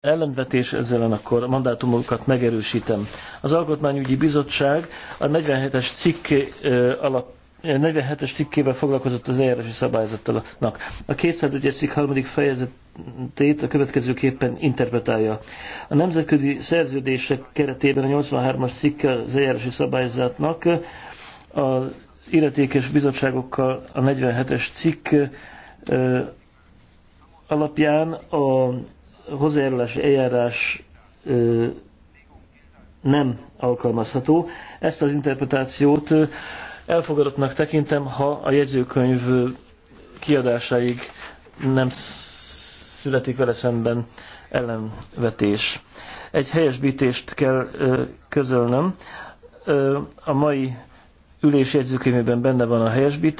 ellenvetés, ezzel akkor a mandátumokat megerősítem. Az Alkotmányügyi Bizottság a 47-es cikk alap 47-es cikkével foglalkozott az eljárási szabályzatnak. A 201-es cikk harmadik fejezetét a következőképpen interpretálja. A nemzetközi szerződések keretében a 83-as cikk az eljárási szabályzatnak a illetékes bizottságokkal a 47-es cikk alapján a hozzájárulási eljárás nem alkalmazható. Ezt az interpretációt elfogadottnak tekintem, ha a jegyzőkönyv kiadásáig nem születik vele szemben ellenvetés. Egy helyesbítést kell közölnöm. A mai ülés jegyzőkönyvében benne van a helyesbítés.